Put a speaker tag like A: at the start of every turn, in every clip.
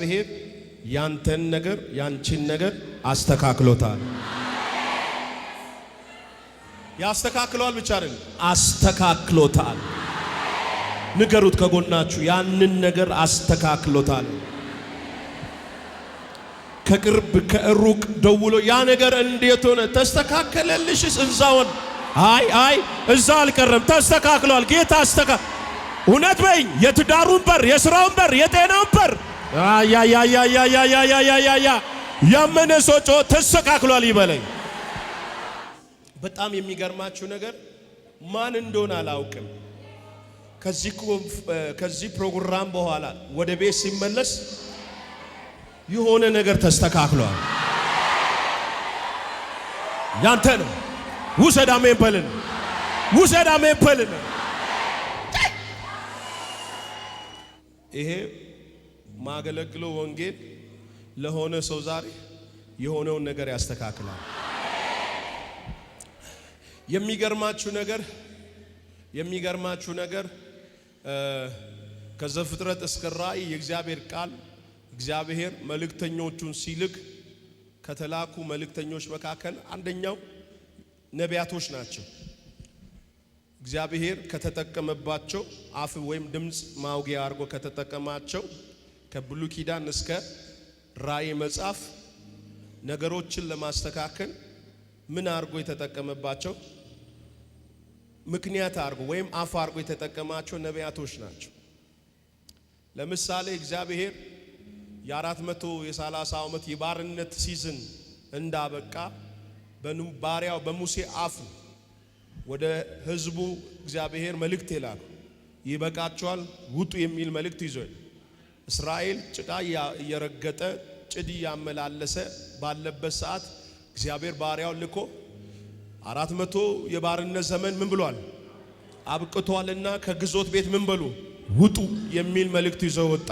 A: እግዚአብሔር ያንተን ነገር ያንቺን ነገር አስተካክሎታል። ያስተካክለዋል ብቻ አይደል፣ አስተካክሎታል። ንገሩት ከጎናችሁ ያንን ነገር አስተካክሎታል። ከቅርብ ከሩቅ ደውሎ ያ ነገር እንዴት ሆነ ተስተካከለልሽ? እዛውን አይ አይ እዛ አልቀረም፣ ተስተካክሏል። ጌታ አስተካ እውነት በይኝ የትዳሩን በር፣ የስራውን በር፣ የጤናውን በር ያያያያያያያያያያ ያመነ ሰው ጮ ተስተካክሏል ይበለኝ። በጣም የሚገርማችሁ ነገር ማን እንደሆነ አላውቅም። ከዚህ ፕሮግራም በኋላ ወደ ቤት ሲመለስ የሆነ ነገር ተስተካክሏል። ያንተ ነው። ውሰድ አሜን በልን። ውሰድ አሜን በልን። ይሄ ማገለግለው ወንጌል ለሆነ ሰው ዛሬ የሆነውን ነገር ያስተካክላል። የሚገርማችሁ ነገር የሚገርማችሁ ነገር ከዘፍጥረት እስከ ራእይ የእግዚአብሔር ቃል እግዚአብሔር መልእክተኞቹን ሲልክ ከተላኩ መልእክተኞች መካከል አንደኛው ነቢያቶች ናቸው። እግዚአብሔር ከተጠቀመባቸው አፍ ወይም ድምፅ ማውጊያ አድርጎ ከተጠቀማቸው ከብሉ ኪዳን እስከ ራእይ መጽሐፍ ነገሮችን ለማስተካከል ምን አድርጎ የተጠቀመባቸው ምክንያት አድርጎ ወይም አፍ አድርጎ የተጠቀማቸው ነቢያቶች ናቸው። ለምሳሌ እግዚአብሔር የአራት መቶ የሰላሳ ዓመት የባርነት ሲዝን እንዳበቃ ባሪያው በሙሴ አፍ ወደ ህዝቡ እግዚአብሔር መልእክት ይላል። ይበቃቸዋል፣ ውጡ የሚል መልእክት ይዟል። እስራኤል ጭቃ እየረገጠ ጭድ እያመላለሰ ባለበት ሰዓት እግዚአብሔር ባሪያውን ልኮ አራት መቶ የባርነት ዘመን ምን ብሏል አብቅቷልና ከግዞት ቤት ምን በሉ ውጡ የሚል መልእክት ይዞ ወጣ።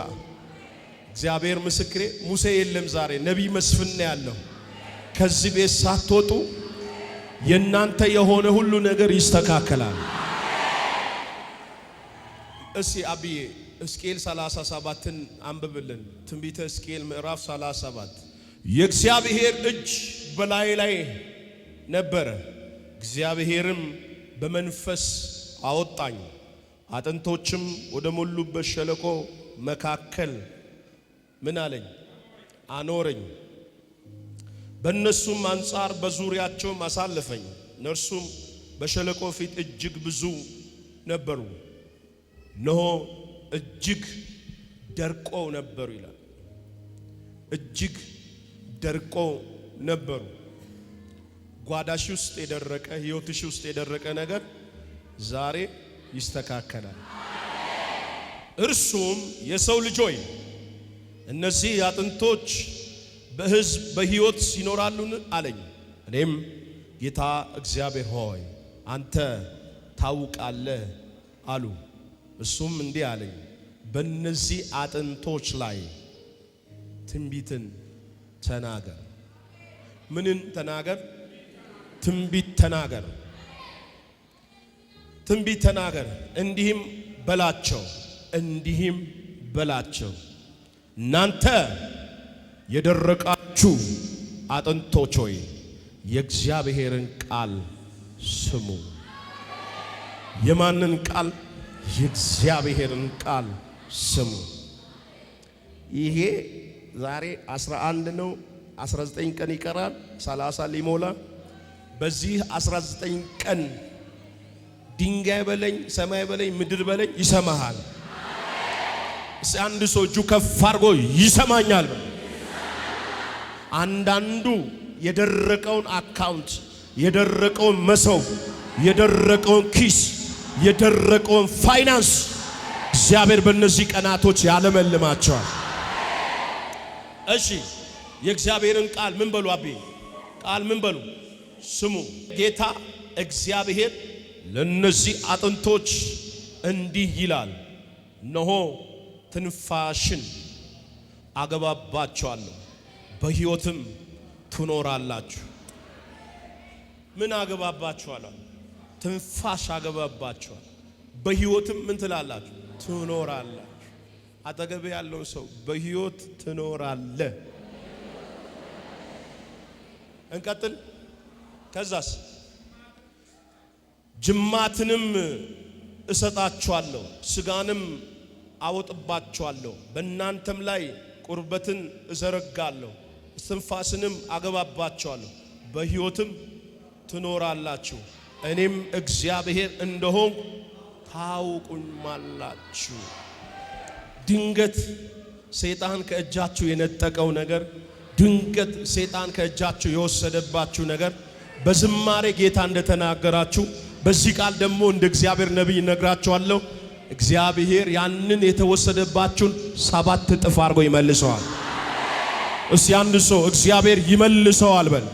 A: እግዚአብሔር ምስክሬ ሙሴ የለም ዛሬ ነቢይ መስፍን ያለው። ከዚህ ቤት ሳትወጡ የእናንተ የሆነ ሁሉ ነገር ይስተካከላል። እሺ አብዬ ሕዝቅኤል 37ን አንብብልን። ትንቢተ ሕዝቅኤል ምዕራፍ 37 የእግዚአብሔር እጅ በላይ ላይ ነበረ፣ እግዚአብሔርም በመንፈስ አወጣኝ፣ አጥንቶችም ወደ ሞሉበት ሸለቆ መካከል ምን አለኝ አኖረኝ። በእነሱም አንጻር በዙሪያቸውም አሳለፈኝ። እነርሱም በሸለቆ ፊት እጅግ ብዙ ነበሩ። እነሆ እጅግ ደርቆ ነበሩ ይላል። እጅግ ደርቆ ነበሩ። ጓዳሽ ውስጥ የደረቀ ህይወትሽ ውስጥ የደረቀ ነገር ዛሬ ይስተካከላል። እርሱም የሰው ልጅ ሆይ እነዚህ አጥንቶች በህዝብ በህይወት ይኖራሉን አለኝ። እኔም ጌታ እግዚአብሔር ሆይ አንተ ታውቃለህ አሉ። እሱም እንዲህ አለኝ፣ በእነዚህ አጥንቶች ላይ ትንቢትን ተናገር። ምንን ተናገር? ትንቢት ተናገር፣ ትንቢት ተናገር። እንዲህም በላቸው፣ እንዲህም በላቸው፣ እናንተ የደረቃችሁ አጥንቶች ሆይ የእግዚአብሔርን ቃል ስሙ። የማንን ቃል የእግዚአብሔርን ቃል ስሙ። ይሄ ዛሬ 11 ነው። 19 ቀን ይቀራል፣ 30 ሊሞላ። በዚህ 19 ቀን ድንጋይ በለኝ፣ ሰማይ በለኝ፣ ምድር በለኝ ይሰማሃል። አንድ ሰው እጁ ከፍ አድርጎ ይሰማኛል። አንዳንዱ የደረቀውን አካውንት፣ የደረቀውን መሶብ፣ የደረቀውን ኪስ የደረቀውን ፋይናንስ እግዚአብሔር በእነዚህ ቀናቶች ያለመልማቸዋል። እሺ የእግዚአብሔርን ቃል ምን በሉ አቤ ቃል ምን በሉ ስሙ። ጌታ እግዚአብሔር ለእነዚህ አጥንቶች እንዲህ ይላል፣ እነሆ ትንፋሽን አገባባቸዋለሁ በሕይወትም ትኖራላችሁ። ምን አገባባችኋለሁ? ትንፋሽ አገባባቸዋል። በህይወትም ምን ትላላችሁ? ትኖራላችሁ። አጠገብ ያለውን ሰው በህይወት ትኖራለ። እንቀጥል። ከዛስ ጅማትንም እሰጣችኋለሁ፣ ስጋንም አወጥባችኋለሁ፣ በእናንተም ላይ ቁርበትን እዘረጋለሁ፣ እስትንፋስንም አገባባችኋለሁ፣ በህይወትም ትኖራላችሁ። እኔም እግዚአብሔር እንደሆንኩ ታውቁኛላችሁ። ድንገት ሰይጣን ከእጃችሁ የነጠቀው ነገር፣ ድንገት ሰይጣን ከእጃችሁ የወሰደባችሁ ነገር በዝማሬ ጌታ እንደተናገራችሁ በዚህ ቃል ደግሞ እንደ እግዚአብሔር ነቢይ ነግራችኋለሁ። እግዚአብሔር ያንን የተወሰደባችሁን ሰባት እጥፍ አድርጎ ይመልሰዋል። እስቲ አንድ ሰው እግዚአብሔር ይመልሰዋል በል።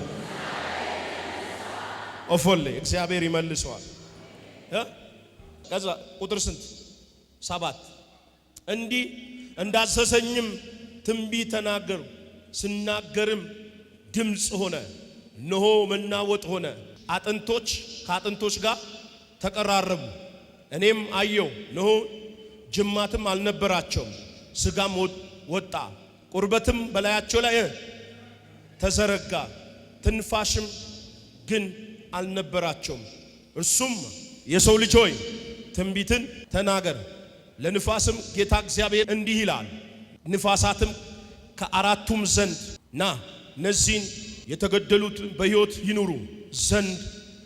A: ኦፎሌ እግዚአብሔር ይመልሰዋል። ከዛ ቁጥር ስንት ሰባት እንዲህ እንዳዘዘኝም ትንቢት ተናገሩ። ስናገርም ድምፅ ሆነ፣ እነሆ መናወጥ ሆነ፣ አጥንቶች ከአጥንቶች ጋር ተቀራረቡ። እኔም አየሁ፣ እነሆ ጅማትም አልነበራቸውም፣ ስጋም ወጣ፣ ቁርበትም በላያቸው ላይ ተዘረጋ፣ ትንፋሽም ግን አልነበራቸውም። እርሱም የሰው ልጅ ሆይ ትንቢትን ተናገር፣ ለንፋስም ጌታ እግዚአብሔር እንዲህ ይላል፣ ንፋሳትም ከአራቱም ዘንድ ና እነዚህን የተገደሉት በሕይወት ይኑሩ ዘንድ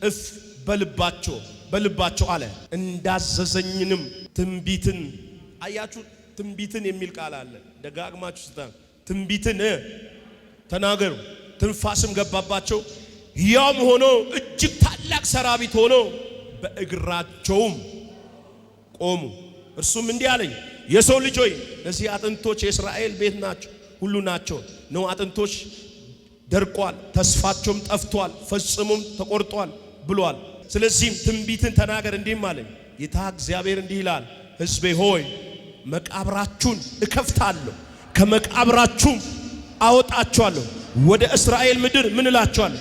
A: እፍ በልባቸው በልባቸው አለ እንዳዘዘኝንም ትንቢትን አያችሁ። ትንቢትን የሚል ቃል አለ። ደጋግማችሁ ስታ ትንቢትን ተናገሩ። ትንፋስም ገባባቸው ያም ሆኖ እጅግ ታላቅ ሰራቢት ሆኖ በእግራቸውም ቆሙ። እርሱም እንዲህ አለኝ፣ የሰው ልጅ ሆይ እነዚህ አጥንቶች የእስራኤል ቤት ናቸው ሁሉ ናቸው ነው። አጥንቶች ደርቋል፣ ተስፋቸውም ጠፍቷል፣ ፈጽሞም ተቆርጧል ብሏል። ስለዚህም ትንቢትን ተናገር እንዲህም አለኝ፣ ጌታ እግዚአብሔር እንዲህ ይላል፣ ሕዝቤ ሆይ መቃብራችሁን እከፍታለሁ፣ ከመቃብራችሁም አወጣችኋለሁ፣ ወደ እስራኤል ምድር ምን እላችኋለሁ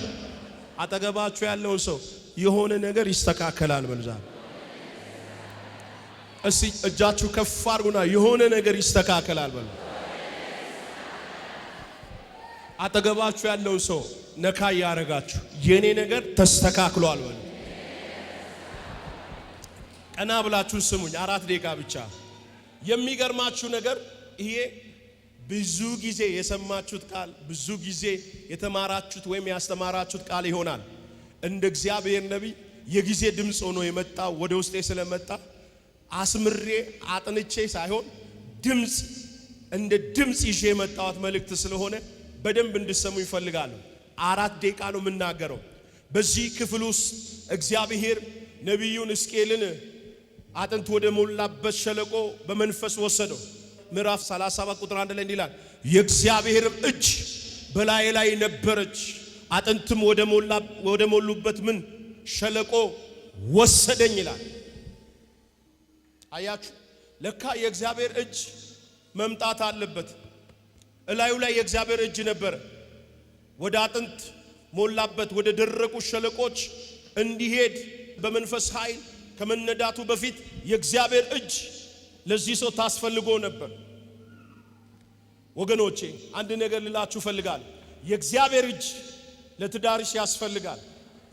A: አጠገባችሁ ያለው ሰው የሆነ ነገር ይስተካከላል በልዛ። እስቲ እጃችሁ ከፍ አርጉና የሆነ ነገር ይስተካከላል በሉ። አጠገባችሁ ያለው ሰው ነካ እያረጋችሁ የኔ ነገር ተስተካክሏል በሉ። ቀና ብላችሁ ስሙኝ፣ አራት ደቂቃ ብቻ። የሚገርማችሁ ነገር ይሄ ብዙ ጊዜ የሰማችሁት ቃል ብዙ ጊዜ የተማራችሁት ወይም ያስተማራችሁት ቃል ይሆናል። እንደ እግዚአብሔር ነቢይ የጊዜ ድምፅ ሆኖ የመጣው ወደ ውስጤ ስለመጣ አስምሬ አጥንቼ ሳይሆን ድምፅ እንደ ድምፅ ይዤ የመጣዋት መልእክት ስለሆነ በደንብ እንድሰሙ ይፈልጋሉ። አራት ደቂቃ ነው የምናገረው። በዚህ ክፍል ውስጥ እግዚአብሔር ነቢዩን ሕዝቅኤልን አጥንት ወደ ሞላበት ሸለቆ በመንፈስ ወሰደው። ምዕራፍ 37 ቁጥር 1 ላይ እንዲላል የእግዚአብሔርም እጅ በላዬ ላይ ነበረች፣ አጥንትም ወደ ሞሉበት ምን ሸለቆ ወሰደኝ ይላል። አያችሁ፣ ለካ የእግዚአብሔር እጅ መምጣት አለበት። እላዩ ላይ የእግዚአብሔር እጅ ነበረ። ወደ አጥንት ሞላበት ወደ ደረቁ ሸለቆች እንዲሄድ በመንፈስ ኃይል ከመነዳቱ በፊት የእግዚአብሔር እጅ ለዚህ ሰው ታስፈልጎ ነበር። ወገኖቼ አንድ ነገር ልላችሁ ፈልጋል። የእግዚአብሔር እጅ ለትዳርሽ ያስፈልጋል።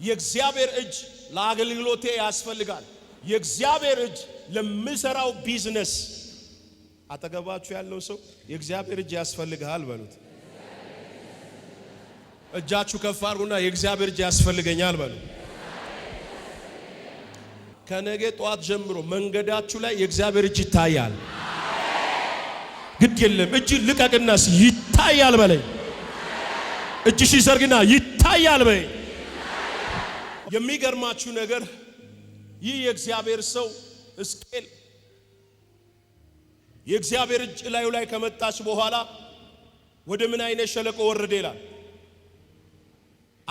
A: የእግዚአብሔር እጅ ለአገልግሎቴ ያስፈልጋል። የእግዚአብሔር እጅ ለምሰራው ቢዝነስ አጠገባችሁ ያለው ሰው የእግዚአብሔር እጅ ያስፈልግሃል በሉት። እጃችሁ ከፍ አድርጉና የእግዚአብሔር እጅ ያስፈልገኛል በሉት። ከነገ ጠዋት ጀምሮ መንገዳችሁ ላይ የእግዚአብሔር እጅ ይታያል። ግድ የለም እጅ ልቀቅናስ ይታያል በለኝ። እጅ ሲሰርግና ይታያል በይ። የሚገርማችሁ ነገር ይህ የእግዚአብሔር ሰው ሕዝቅኤል የእግዚአብሔር እጅ ላዩ ላይ ከመጣች በኋላ ወደ ምን አይነት ሸለቆ ወረደ ይላል።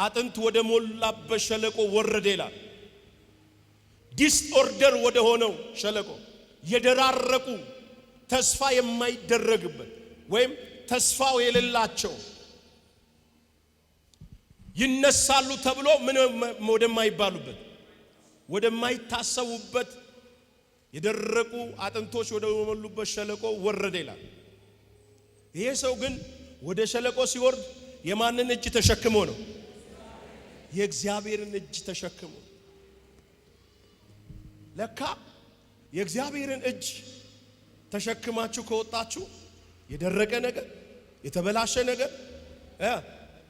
A: አጥንት ወደ ሞላበት ሸለቆ ወረደ ይላል። ዲስኦርደር ወደ ሆነው ሸለቆ የደራረቁ ተስፋ የማይደረግበት ወይም ተስፋው የሌላቸው ይነሳሉ ተብሎ ምን ወደማይባሉበት ወደማይታሰቡበት የደረቁ አጥንቶች ወደ ሞሉበት ሸለቆ ወረደ ይላል። ይሄ ሰው ግን ወደ ሸለቆ ሲወርድ የማንን እጅ ተሸክሞ ነው? የእግዚአብሔርን እጅ ተሸክሞ ለካ የእግዚአብሔርን እጅ ተሸክማችሁ ከወጣችሁ የደረቀ ነገር፣ የተበላሸ ነገር፣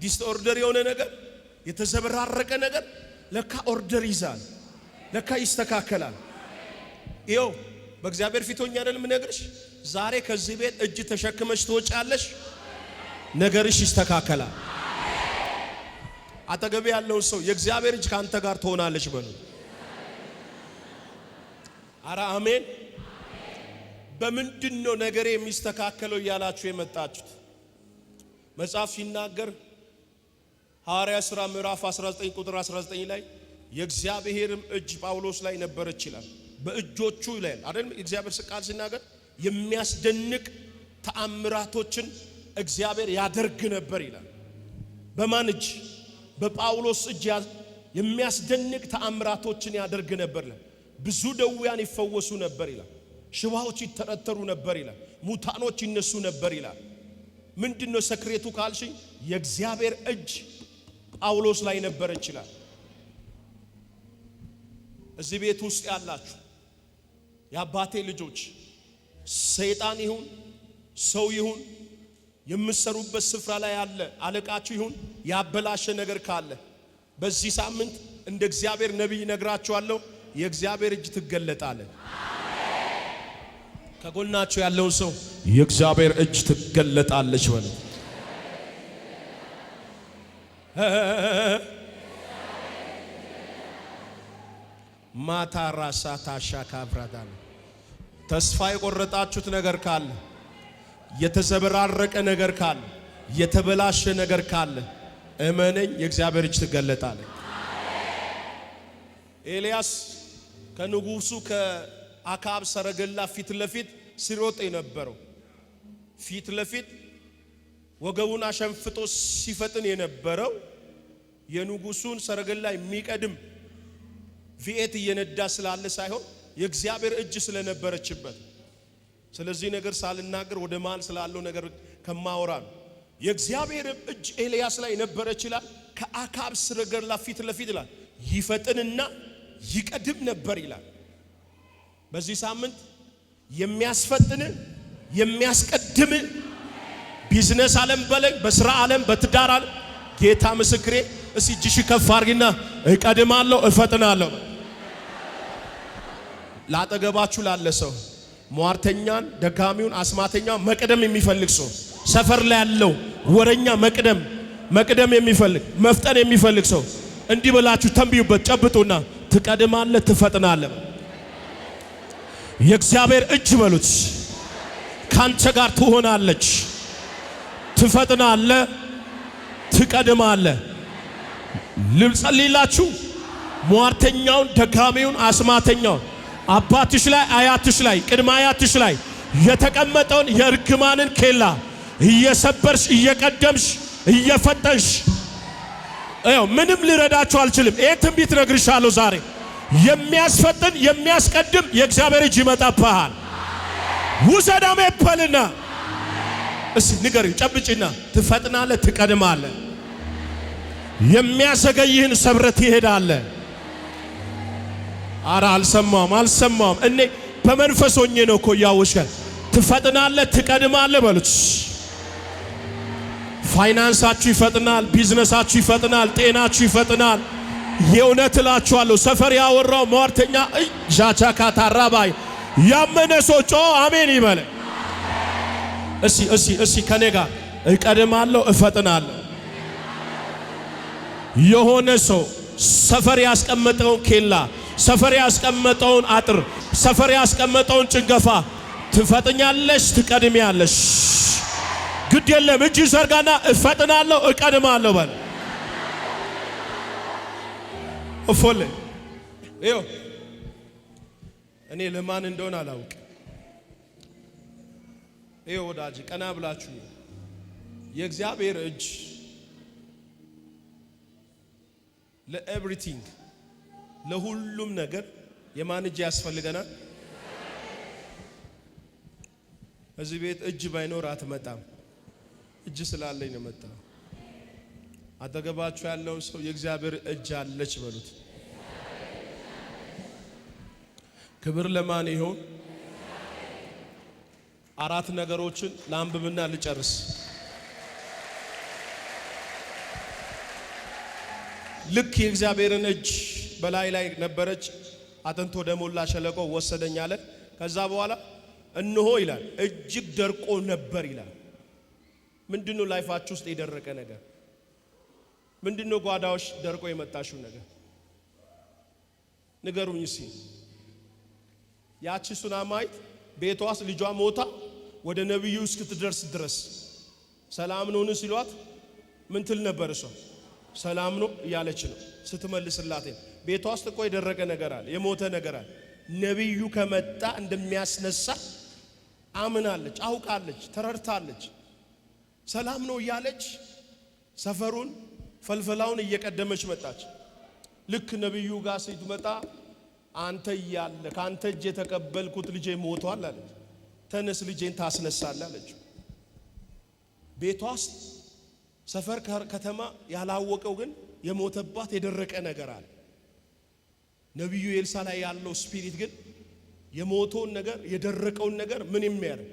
A: ዲስኦርደር የሆነ ነገር፣ የተዘበራረቀ ነገር ለካ ኦርደር ይዛል፣ ለካ ይስተካከላል። ይኸው በእግዚአብሔር ፊቶኛ አይደለም ነገርሽ። ዛሬ ከዚህ ቤት እጅ ተሸክመሽ ትወጫለሽ፣ ነገርሽ ይስተካከላል። አጠገቤ ያለውን ሰው የእግዚአብሔር እጅ ከአንተ ጋር ትሆናለች በሉ። አረ አሜን። በምንድን ነው ነገር የሚስተካከለው እያላችሁ የመጣችሁት? መጽሐፍ ሲናገር ሐዋርያ ሥራ ምዕራፍ 19 ቁጥር 19 ላይ የእግዚአብሔርም እጅ ጳውሎስ ላይ ነበረች ይላል። በእጆቹ ይላል አይደል? እግዚአብሔር ቃል ሲናገር የሚያስደንቅ ተአምራቶችን እግዚአብሔር ያደርግ ነበር ይላል። በማን እጅ? በጳውሎስ እጅ የሚያስደንቅ ተአምራቶችን ያደርግ ነበር ይላል። ብዙ ደውያን ይፈወሱ ነበር ይላል። ሽባዎች ይተረተሩ ነበር ይላል። ሙታኖች ይነሱ ነበር ይላል። ምንድነው ሰክሬቱ ካልሽኝ የእግዚአብሔር እጅ ጳውሎስ ላይ ነበረች ይላል። እዚህ ቤት ውስጥ ያላችሁ የአባቴ ልጆች ሰይጣን ይሁን ሰው ይሁን የምሰሩበት ስፍራ ላይ ያለ አለቃችሁ ይሁን ያበላሸ ነገር ካለ በዚህ ሳምንት እንደ እግዚአብሔር ነቢይ ነግራችኋለሁ። የእግዚአብሔር እጅ ትገለጣለች። ከጎናችሁ ያለው ሰው የእግዚአብሔር እጅ ትገለጣለች በለ። ማታ ራሳ ታሻ ካብራዳል ተስፋ የቆረጣችሁት ነገር ካለ የተዘበራረቀ ነገር ካለ የተበላሸ ነገር ካለ እመነኝ፣ የእግዚአብሔር እጅ ትገለጣለች። ኤልያስ ከንጉሱ ከአካብ ሰረገላ ፊት ለፊት ሲሮጥ የነበረው ፊት ለፊት ወገቡን አሸንፍጦ ሲፈጥን የነበረው የንጉሱን ሰረገላ የሚቀድም ቪኤት እየነዳ ስላለ ሳይሆን የእግዚአብሔር እጅ ስለነበረችበት። ስለዚህ ነገር ሳልናገር ወደ መሃል ስላለው ነገር ከማወራ ነው። የእግዚአብሔር እጅ ኤልያስ ላይ ነበረች ይላል። ከአካብ ስረገላ ፊት ለፊት ይላል ይፈጥንና ይቀድም ነበር ይላል። በዚህ ሳምንት የሚያስፈጥን የሚያስቀድም ቢዝነስ ዓለም በለኝ፣ በስራ ዓለም፣ በትዳር ዓለም ጌታ ምስክሬ። እስቲ እጅሽ ከፍ አድርጊና እቀድማለሁ፣ እፈጥናለሁ። ላጠገባችሁ ላለ ሰው ሟርተኛን፣ ደካሚውን፣ አስማተኛውን መቅደም የሚፈልግ ሰው ሰፈር ላይ ያለው ወረኛ መቅደም መቅደም የሚፈልግ መፍጠን የሚፈልግ ሰው እንዲህ ብላችሁ ተንብዩበት፣ ጨብጡና ትቀድማለህ፣ ትፈጥናለህ። የእግዚአብሔር እጅ በሉት ካንተ ጋር ትሆናለች። ትፈጥናለህ፣ ትቀድማለህ። ልጸልይላችሁ። ሟርተኛውን፣ ደጋሚውን፣ አስማተኛውን አባትሽ ላይ አያትሽ ላይ ቅድመ አያትሽ ላይ የተቀመጠውን የእርግማንን ኬላ እየሰበርሽ እየቀደምሽ እየፈጠንሽ ያው ምንም ልረዳችሁ አልችልም። ይህ ትንቢት ነግርሻለሁ ዛሬ የሚያስፈጥን የሚያስቀድም የእግዚአብሔር እጅ ይመጣብሃል። ውሰድ ሜፐልና እስ ንገሪ ጨብጭና ትፈጥናለ፣ ትቀድማለ፣ የሚያሰገይህን ሰብረት ይሄዳለ። አረ አልሰማም አልሰማም። እኔ በመንፈስ ሆኜ ነው እኮ ያውሸ ትፈጥናለ፣ ትቀድማለ በሉት ፋይናንሳችሁ ይፈጥናል፣ ቢዝነሳችሁ ይፈጥናል፣ ጤናችሁ ይፈጥናል። የእውነት እላችኋለሁ ሰፈር ያወራው ሟርተኛ እጃቻ ካታራባይ ያመነ ሰው ጮ አሜን ይበለ። እሺ፣ እሺ፣ እሺ ከኔ ጋር እቀድማለሁ፣ እፈጥናለሁ። የሆነ ሰው ሰፈር ያስቀመጠውን ኬላ፣ ሰፈር ያስቀመጠውን አጥር፣ ሰፈር ያስቀመጠውን ጭንገፋ ትፈጥኛለሽ፣ ትቀድሚያለሽ። ግድ የለም እጅ ዘርጋና እፈጥናለሁ፣ እቀድማለሁ በል እፎለ ይኸው እኔ ለማን እንደሆነ አላውቅ? ይኸው ወዳጅ ቀና ብላችሁ የእግዚአብሔር እጅ ለኤቭሪቲንግ ለሁሉም ነገር የማን እጅ ያስፈልገናል? እዚህ ቤት እጅ ባይኖር አትመጣም። እጅ ስላለኝ ነው መጣ። አጠገባችሁ ያለው ሰው የእግዚአብሔር እጅ አለች በሉት። ክብር ለማን ይሆን? አራት ነገሮችን ላንብብና ልጨርስ። ልክ የእግዚአብሔርን እጅ በላይ ላይ ነበረች። አጥንቶ ወደ ሞላ ሸለቆ ወሰደኝ አለ። ከዛ በኋላ እንሆ ይላል እጅግ ደርቆ ነበር ይላል። ምንድነው ላይፋችሁ ውስጥ የደረቀ ነገር? ምንድነው ጓዳዎች ደርቆ የመጣሽው ነገር ንገሩኝ እስኪ። ያቺ ሱናማይት ቤቷስ ልጇ ሞታ ወደ ነቢዩ እስክትደርስ ድረስ ሰላም ነውን ሲሏት ምን ትል ነበር? እሷ ሰላም ነው እያለች ነው ስትመልስላት፣ ቤቷ ውስጥ እኮ የደረቀ ነገር አለ፣ የሞተ ነገር አለ። ነቢዩ ከመጣ እንደሚያስነሳ አምናለች፣ አውቃለች፣ ተረድታለች። ሰላም ነው እያለች ሰፈሩን ፈልፈላውን እየቀደመች መጣች። ልክ ነቢዩ ጋር ስትመጣ አንተ እያለ ከአንተ እጅ የተቀበልኩት ልጄ ሞቷል አለች። ተነስ ልጄን ታስነሳለ አለች። ቤቷ ሰፈር ከተማ ያላወቀው ግን የሞተባት የደረቀ ነገር አለ። ነቢዩ ኤልሳ ላይ ያለው ስፒሪት ግን የሞተውን ነገር የደረቀውን ነገር ምን የሚያደርግ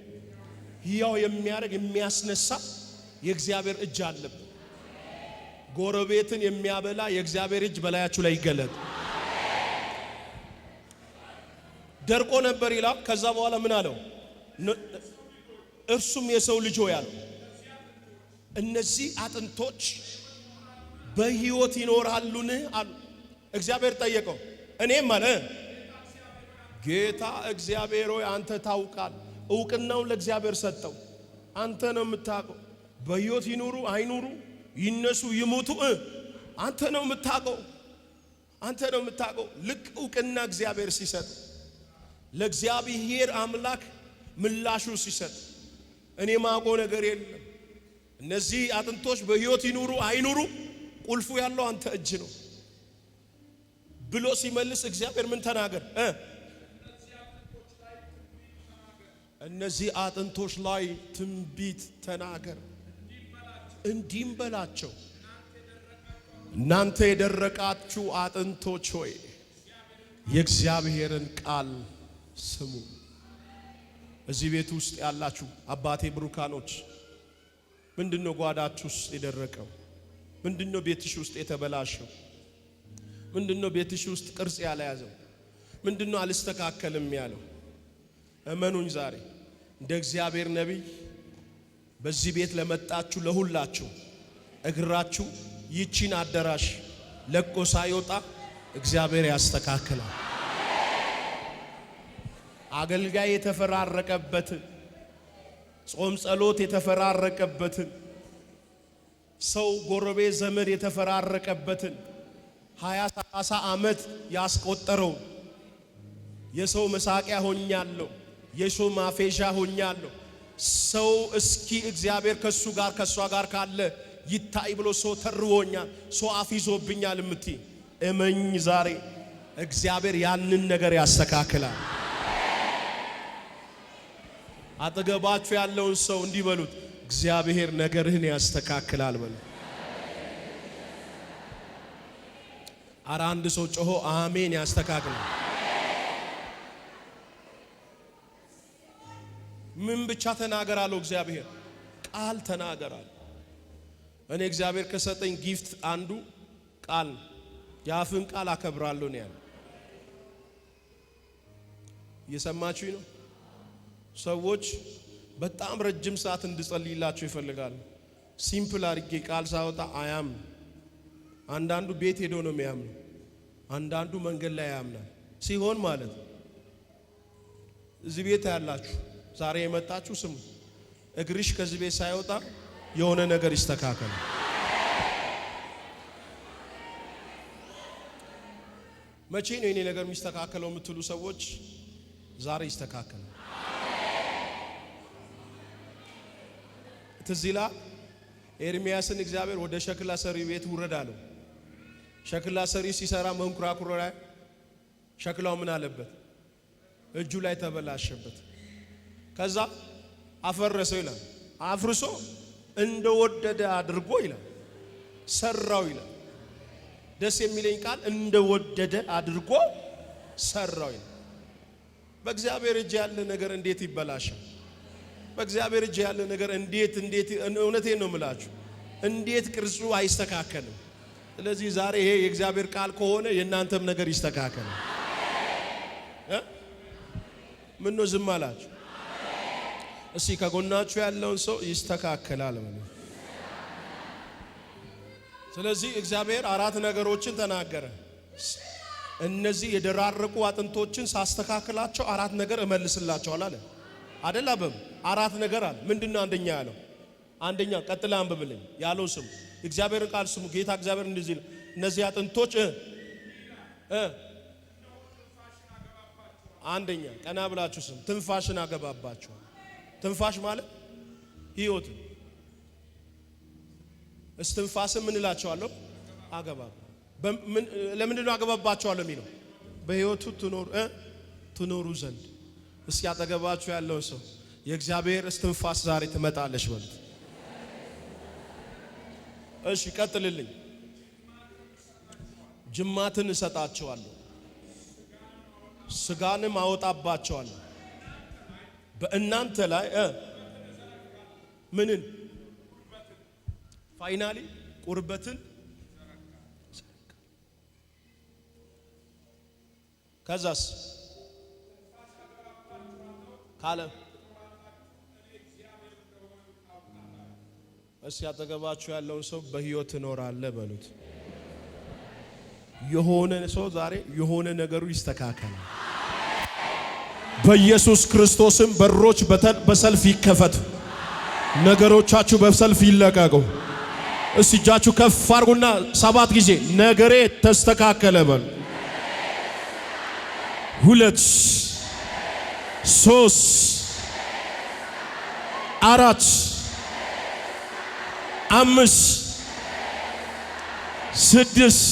A: ሕያው የሚያደርግ የሚያስነሳ የእግዚአብሔር እጅ አለብን። ጎረቤትን የሚያበላ የእግዚአብሔር እጅ በላያችሁ ላይ ይገለጥ። ደርቆ ነበር ይላል። ከዛ በኋላ ምን አለው? እርሱም የሰው ልጅ ሆይ አለው፣ እነዚህ አጥንቶች በሕይወት ይኖራሉን? አሉ። እግዚአብሔር ጠየቀው። እኔም አለ ጌታ እግዚአብሔር ሆይ አንተ ታውቃል። እውቅናውን ለእግዚአብሔር ሰጠው። አንተ ነው የምታውቀው። በሕይወት ይኑሩ አይኑሩ፣ ይነሱ ይሞቱ፣ አንተ ነው የምታውቀው። አንተ ነው የምታውቀው። ልቅ እውቅና እግዚአብሔር ሲሰጥ ለእግዚአብሔር አምላክ ምላሹ ሲሰጥ እኔ ማውቀው ነገር የለም። እነዚህ አጥንቶች በሕይወት ይኑሩ አይኑሩ ቁልፉ ያለው አንተ እጅ ነው ብሎ ሲመልስ እግዚአብሔር ምን ተናገር? እነዚህ አጥንቶች ላይ ትንቢት ተናገር። እንዲህም በላቸው፣ እናንተ የደረቃችሁ አጥንቶች ሆይ የእግዚአብሔርን ቃል ስሙ። እዚህ ቤት ውስጥ ያላችሁ አባቴ ብሩካኖች፣ ምንድነው ጓዳችሁ ውስጥ የደረቀው? ምንድነው ቤትሽ ውስጥ የተበላሸው? ምንድነው ቤትሽ ውስጥ ቅርጽ ያለያዘው? ምንድነው አልስተካከልም ያለው? እመኑኝ ዛሬ እንደ እግዚአብሔር ነቢይ በዚህ ቤት ለመጣችሁ ለሁላችሁ እግራችሁ ይቺን አዳራሽ ለቆ ሳይወጣ እግዚአብሔር ያስተካክላል። አገልጋይ የተፈራረቀበትን ጾም ጸሎት የተፈራረቀበትን ሰው ጎረቤ ዘመድ የተፈራረቀበትን ሃያ ሰላሳ ዓመት ያስቆጠረውን የሰው መሳቂያ ሆኛለሁ፣ የሰው ማፌዣ ሆኛለሁ ሰው እስኪ እግዚአብሔር ከሱ ጋር ከሷ ጋር ካለ ይታይ ብሎ ሰው ተርቦኛል፣ ሰው አፍ ይዞብኛል እምትይ እመኝ፣ ዛሬ እግዚአብሔር ያንን ነገር ያስተካክላል። አጠገባችሁ ያለውን ሰው እንዲህ በሉት፣ እግዚአብሔር ነገርህን ያስተካክላል በሉ። አረ አንድ ሰው ጮሆ አሜን ያስተካክላል። ምን ብቻ ተናገራለሁ? እግዚአብሔር ቃል ተናገራለሁ። እኔ እግዚአብሔር ከሰጠኝ ጊፍት አንዱ ቃል የአፍን ቃል አከብራለሁ ነው ያለ። እየሰማችሁኝ ነው? ሰዎች በጣም ረጅም ሰዓት እንድጸልይላቸው ይፈልጋሉ። ሲምፕል አድርጌ ቃል ሳወጣ አያም አንዳንዱ ቤት ሄዶ ነው የሚያምነው አንዳንዱ መንገድ ላይ ያምናል። ሲሆን ማለት እዚህ ቤት ያላችሁ ዛሬ የመጣችሁ ስሙ። እግርሽ ከዚህ ቤት ሳይወጣ የሆነ ነገር ይስተካከል። መቼ ነው የኔ ነገር የሚስተካከለው የምትሉ ሰዎች ዛሬ ይስተካከል። ትዚላ ኤርሚያስን እግዚአብሔር ወደ ሸክላ ሰሪ ቤት ውረድ አለው። ሸክላ ሰሪ ሲሰራ መንኩራኩሮ ላይ ሸክላው ምን አለበት? እጁ ላይ ተበላሸበት። ከዛ አፈረሰው ይላል። አፍርሶ እንደወደደ አድርጎ ይላል ሰራው ይላል። ደስ የሚለኝ ቃል እንደወደደ አድርጎ ሰራው ይላል። በእግዚአብሔር እጅ ያለ ነገር እንዴት ይበላሻል? በእግዚአብሔር እጅ ያለ ነገር እንዴት እንዴት እውነቴን ነው የምላችሁ፣ እንዴት ቅርጹ አይስተካከልም። ስለዚህ ዛሬ ይሄ የእግዚአብሔር ቃል ከሆነ የእናንተም ነገር ይስተካከል። ምን ነው ዝም አላችሁ? እስቲ ከጎናችሁ ያለውን ሰው ይስተካከላል። ስለዚህ እግዚአብሔር አራት ነገሮችን ተናገረ። እነዚህ የደራረቁ አጥንቶችን ሳስተካክላቸው አራት ነገር እመልስላቸዋል አለ። በም አራት ነገር አለ። ምንድን ነው? አንደኛ ያለው አንደኛ ቀጥላ አንብብልኝ ያለው ስሙ እግዚአብሔርን ቃል ስሙ። ጌታ እግዚአብሔር እንደዚህ ነው፣ እነዚህ አጥንቶች አንደኛ ቀና ብላችሁ ስሙ፣ ትንፋሽን አገባባችኋል ትንፋሽ ማለት ህይወት። እስትንፋስ ምን እላቸዋለሁ? አገባብ ለምንድን ነው አገባባቸዋለሁ የሚለው? በህይወቱ ትኖሩ ዘንድ። እስኪ አጠገባችሁ ያለውን ሰው የእግዚአብሔር እስትንፋስ ዛሬ ትመጣለች በሉት። እሺ ቀጥልልኝ። ጅማትን እሰጣቸዋለሁ፣ ስጋንም አወጣባቸዋለሁ በእናንተ ላይ ምንን ፋይናሊ ቁርበትን ከዛስ ካለ እስቲ አጠገባችሁ ያለውን ሰው በህይወት እኖራለ በሉት። የሆነ ሰው ዛሬ የሆነ ነገሩ ይስተካከላል። በኢየሱስ ክርስቶስም በሮች በሰልፍ ይከፈቱ። ነገሮቻችሁ በሰልፍ ይለቀቁ። እስቲ እጃችሁ ከፍ አድርጉና ሰባት ጊዜ ነገሬ ተስተካከለ በሉ። ሁለት ሶስት አራት አምስት ስድስት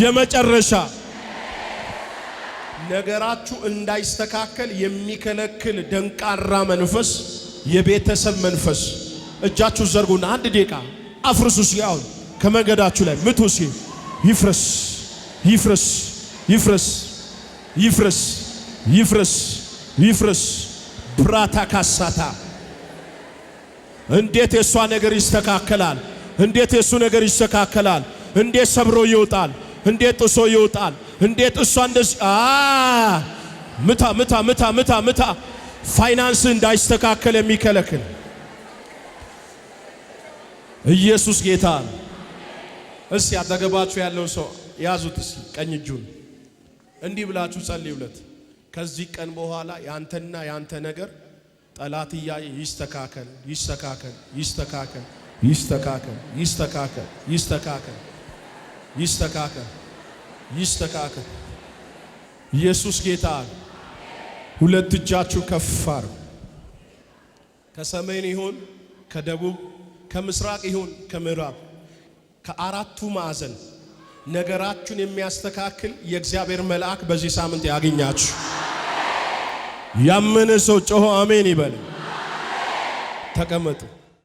A: የመጨረሻ ነገራችሁ እንዳይስተካከል የሚከለክል ደንቃራ መንፈስ፣ የቤተሰብ መንፈስ እጃችሁ ዘርጉና አንድ ደቂቃ አፍርሱ። ሲያውን ከመንገዳችሁ ላይ ምቱ። ሲ ይፍረስ፣ ይፍረስ፣ ይፍረስ፣ ይፍረስ፣ ይፍረስ፣ ይፍረስ። ብራታ ካሳታ እንዴት የእሷ ነገር ይስተካከላል? እንዴት የእሱ ነገር ይስተካከላል? እንዴት ሰብሮ ይወጣል? እንዴት ጥሶ ይወጣል? እንዴት እሷ እንደዚህ ምታ ምታ ምታ ምታ ምታ ፋይናንስ እንዳይስተካከል የሚከለክል ኢየሱስ ጌታ ነው። እስቲ አጠገባችሁ ያለው ሰው ያዙት፣ እስቲ ቀኝ እጁን እንዲህ ብላችሁ ጸልዩለት። ከዚህ ቀን በኋላ ያንተና ያንተ ነገር ጠላት እያየ ይስተካከል፣ ይስተካከል፣ ይስተካከል፣ ይስተካከል፣ ይስተካከል፣ ይስተካከል፣ ይስተካከል ይስተካከል። ኢየሱስ ጌታ። ሁለት እጃችሁ ከፍ ከሰሜን ይሁን ከደቡብ፣ ከምስራቅ ይሁን ከምዕራብ፣ ከአራቱ ማዕዘን ነገራችሁን የሚያስተካክል የእግዚአብሔር መልአክ በዚህ ሳምንት ያገኛችሁ። ያመነ ሰው ጮሆ አሜን ይበል። ተቀመጡ።